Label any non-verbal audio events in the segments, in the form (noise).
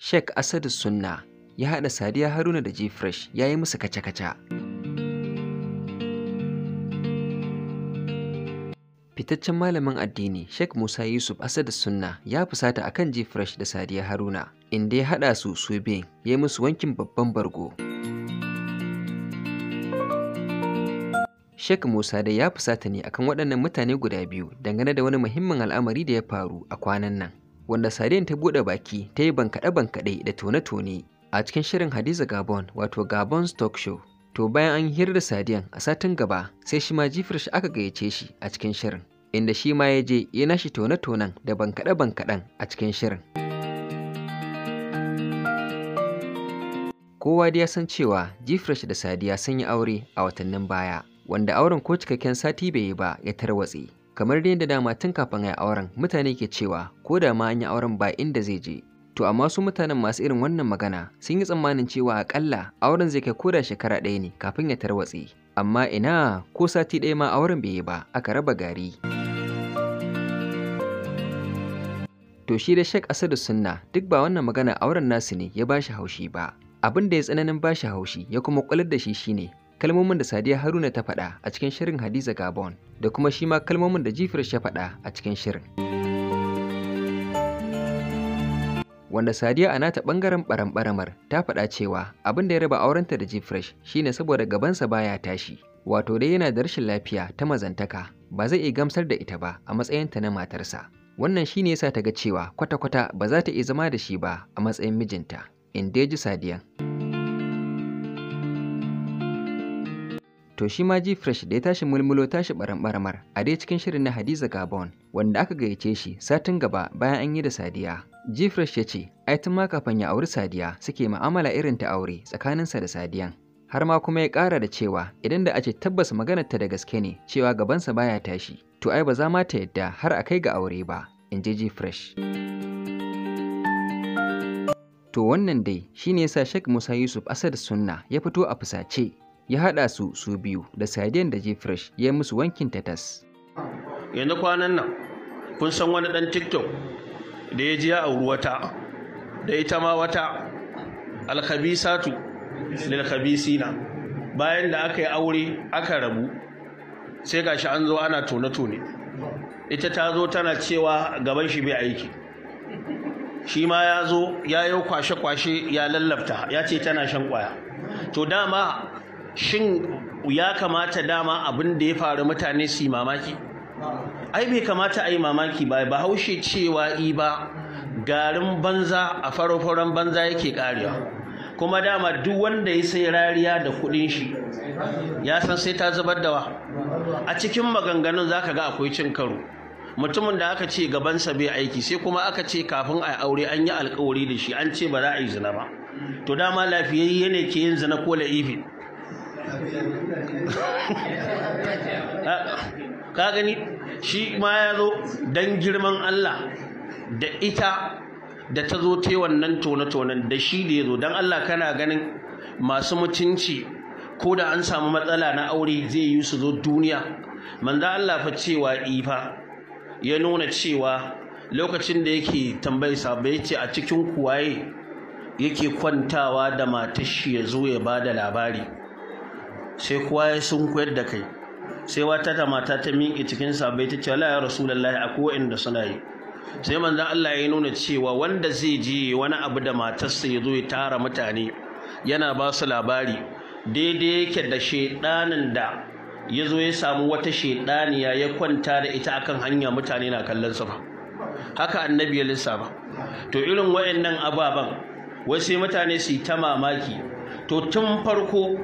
Sheikh Asadu Sunna ya haɗa Sadiya Haruna da Jifresh ya yi musu kaca-kaca. Fitaccen malamin addini Sheikh Musa Yusuf Asadu Sunna ya fusata akan kan Jifresh da Sadiya Haruna, inda ya haɗa su su biyun ya yi musu wankin babban bargo. Sheikh Musa dai ya fusata ne akan waɗannan mutane guda biyu dangane da wani muhimmin al'amari da ya faru a kwanan nan. wanda Sadiyan ta buɗe baki ta yi bankaɗe-bankaɗe da tone-tone a cikin shirin Hadiza Gabon wato Gabon Stock Show. To bayan an hira da Sadiyan a satin gaba sai shi ma shi aka gayyace shi a cikin shirin inda shi ma ya je ya nashi tone-tonen da bankaɗe-bankaɗen a cikin shirin. Kowa dai ya san cewa jifresh da Sadiya sun yi aure a watannin baya wanda auren ko cikakken sati bai yi ba ya tarwatse. kamar dai yadda dama tun kafin a auren mutane ke cewa ko da ma an yi auren ba inda zai je to amma su mutanen masu irin wannan magana sun yi tsammanin cewa akalla auren zai kai ko da shekara ɗaya ne kafin ya tarwatse amma ina ko sati ɗaya ma auren bai yi ba aka raba gari to shi da shek asadu sunna duk ba wannan magana auren nasu ne ya bashi haushi ba abin da ya tsananin bashi haushi ya kuma kwalar da shi shine kalmomin da Sadiya Haruna ta faɗa a cikin shirin Hadiza Gabon da kuma shi ma kalmomin da Jifir ya faɗa a cikin shirin. Wanda Sadiya a nata ɓangaren ɓaramɓaramar ta faɗa cewa abin da ya raba aurenta da Jifresh shine saboda gabansa baya tashi. Wato dai yana da rashin lafiya ta mazantaka ba zai iya gamsar da ita ba a matsayinta na matarsa. Wannan shi ne sa ta ga cewa kwata-kwata ba za ta iya zama da shi ba a matsayin mijinta, in dai ji Sadiyan. To shi ma ji fresh da ya tashi mulmulo tashi baran-baramar a dai cikin shirin na Hadiza Gabon wanda aka gayyace shi satin gaba bayan an yi da Sadiya. Ji fresh ya ce, ai tun ma kafin ya auri Sadiya suke ma'amala irin ta aure tsakaninsa da Sadiyan. Har ma kuma ya kara da cewa idan da ace tabbas maganar ta da gaske ne cewa gabansa baya tashi, to ai ba za ma ta yadda har a kai ga aure ba, in ji ji fresh. To wannan dai shine yasa Sheikh Musa Yusuf Asad Sunna ya fito a fusace ya haɗa su su biyu da sadiyan da fresh ya yi musu wankin tas. yanzu kwanan nan kun san wani ɗan tiktok da ya ji ya auri wata da ita ma wata alkhabisatu lilkhabisina bayan da aka yi aure aka rabu sai gashi an zo ana tone-tone ita ta zo tana cewa gaban shi bai aiki shi ma ya zo ya yi kwashe-kwashe ya lallafta ya ce tana shan kwaya to dama shin ya kamata dama abin da ya faru mutane su yi mamaki ai bai kamata a yi mamaki ba bahaushe cewa i ba garin banza a faro-faron banza yake karewa kuma dama duk wanda ya sai rariya da kudin shi ya san sai ta zubar da wa a cikin maganganun za ka ga akwai cin karo mutumin da aka ce gabansa bai aiki sai kuma aka ce kafin a aure an yi alkawari da shi an ce ba za a yi zina ba to dama lafiyayye ne ke yin zina ko la'ifi (laughs) ka gani shi ma ya zo don girman Allah da ita da ta zo ta wannan tone da shi da ya zo don Allah kana ganin masu mutunci ko da an samu matsala na aure zai yi su zo duniya manza Allah fa cewa ifa ya nuna cewa lokacin da yake tambayi sabai ce a cikin kuwaye yake kwantawa da matashi ya zo ya ba da labari sai kowa ya sun koyar da kai sai wata ta mata ta miƙe cikin sabai ta ce rasulallah a akwai da suna yi sai manzan Allah ya nuna cewa wanda zai je wani abu da matarsa ya zo ya tara mutane yana ba su labari daidai yake da shaidanin da ya zo ya samu wata shaidaniya ya kwanta da ita akan hanya mutane na kallon sa haka annabi ya lissafa to irin wayannan ababan wai sai mutane su yi ta mamaki to tun farko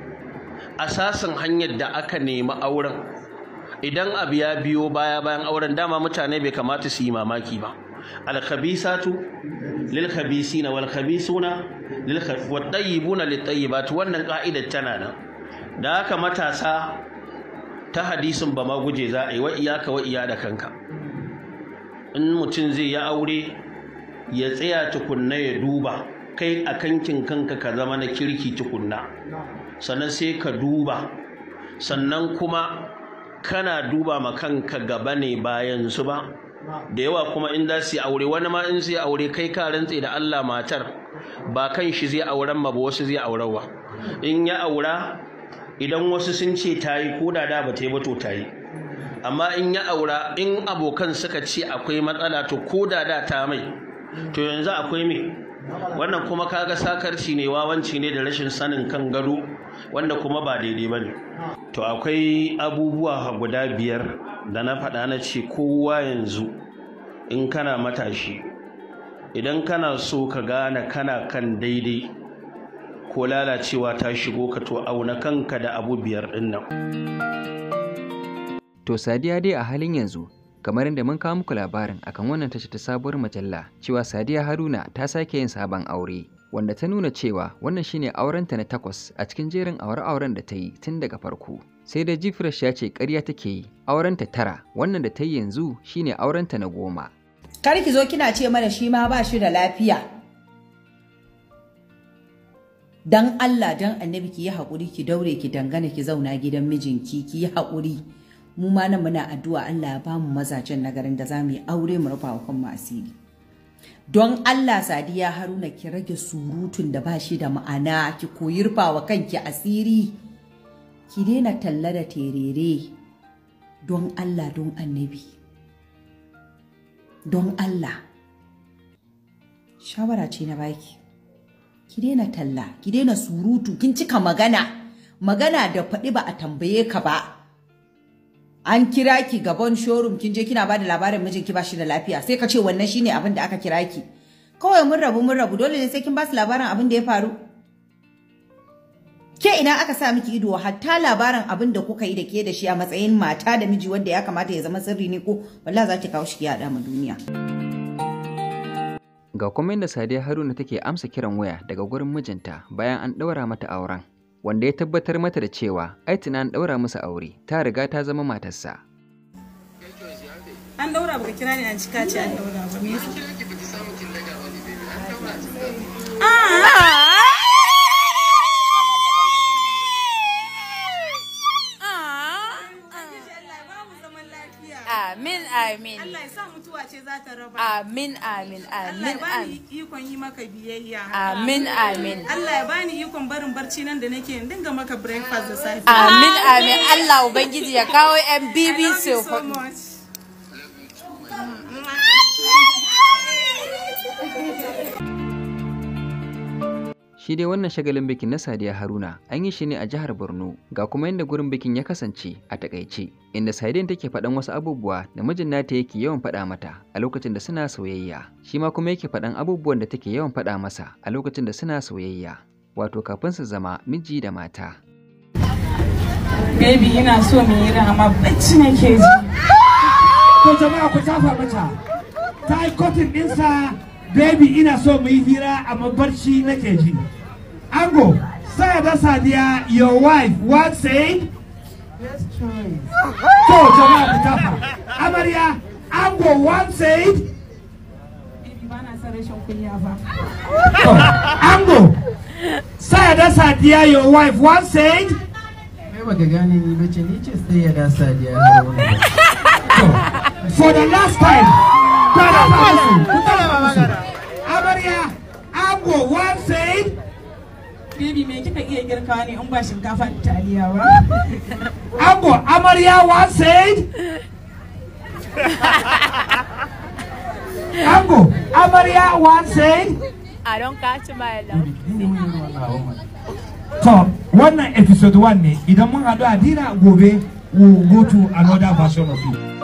asasin hanyar da aka nemi auren idan abu ya biyo baya bayan auren dama mutane bai kamata su yi mamaki ba alkhabisatu lilkhabisina walkhabisuna wattayyibuna littayyibati wannan ka'idar tana nan da haka matasa ta hadisin ba ma guje za a yi wa iyaka wa iya da kanka in mutum zai yi aure ya tsaya tukunna ya duba kai a kankin kanka ka zama na kirki tukunna sannan sai ka duba sannan kuma kana duba ma kanka gaba ne bayan su ba da yawa kuma in za su aure wani ma in zai aure kai ka rantse da Allah matar ba kan shi zai auren ma ba wasu zai auren wa in ya aura idan wasu sun ce ta yi ko da da ba ta yi ba to ta yi amma in ya aura in abokan suka ce akwai matsala to ko da da ta mai to yanzu akwai mai wannan kuma kaga sakarci ne wawanci ne da rashin sanin kan gado wanda kuma ba daidai ba ne to akwai abubuwa guda biyar da na faɗa na ce kowa yanzu in kana matashi idan kana so ka gane kana kan daidai ko lalacewa ta shigo ka to auna kanka da abu biyar ɗin to sadiya dai a halin yanzu kamar yadda mun kawo muku labarin akan wannan tace ta sabuwar majalla cewa Sadiya Haruna ta sake yin sabon aure wanda ta nuna cewa wannan shine aurenta na takwas a cikin jerin aure-auren da ta yi tun daga farko sai da jifresh ya ce ƙarya take yi aurenta tara wannan da ta yi yanzu shine aurenta na goma kar ki zo kina ce mana shi ma ba shi da lafiya dan Allah dan annabi ki yi hakuri ki daure ki dangana ki zauna gidan mijinki ki yi haƙuri mu ma nan muna addu'a Allah ya bamu mazajen nagarin da za mu yi aure mu rufa wa asiri don Allah sadiya haruna ki rage surutun da ba shi da ma'ana ki koyi rufa wa kanki asiri ki daina talla da terere don Allah don annabi don Allah shawara ce na baki ki daina talla ki daina surutu kin cika magana magana da faɗi ba a tambaye ka ba an kira ki gaban showroom kin je kina bada labarin mijinki ba shi da lafiya sai ka ce wannan shine abin da aka kira ki kawai mun rabu mun rabu dole ne sai kin ba su labarin abin da ya faru ke ina aka sa miki ido hatta labarin abin da kuka yi da ke da shi a matsayin mata da miji wanda ya kamata ya zama sirri ne ko wallahi za ki kawo shi ya ma duniya ga kuma da Sadiya Haruna take amsa kiran waya daga gurin mijinta bayan an ɗaura mata auren wanda ya tabbatar mata da cewa ai an ɗaura musu aure ta riga ta zama matarsa. An ɗaura baka kira ni an cika ce an ɗaura ba amin Allah ya sa mutuwa ce za ta raba amin amin amin Allah ya bani ikon yi maka biyayya amin amin Allah ya bani ikon barin barci nan da nake in dinga maka breakfast da safe amin amin Allah ubangiji ya kawo MBB so much Shi dai wannan shagalin bikin na Sadiya Haruna an yi shi ne a jihar Borno ga kuma yadda gurin bikin ya kasance a takaice inda Sadiyan take faɗan wasu abubuwa da mijin nata yake yawan faɗa mata a lokacin da suna soyayya. Shi ma kuma yake faɗan abubuwan da take yawan faɗa masa a lokacin da suna soyayya. Wato kafin su zama miji da mata. Baby ina so mu yi rama bacci nake ji. Ko jama'a ku tafa mata. Ta yi kotin ɗinsa baby ina so mu yi hira amma barci nake ji Ango, Sayada Sadia, your wife, what said? Best choice. So, Jamal ku tafa. Amarya, Ango, what said? Oh, Ango, Sayada Sadia, your wife, what said? For the last time, Amarya, Ango, what said? Baby me kika iya girka ne in ba shinkafa da taliya ba. (laughs) Ango amarya one said. (laughs) Ango amarya one said. I don't catch my love. To wannan episode 1 ne idan mun haɗu a dina gobe we will go to another version of it.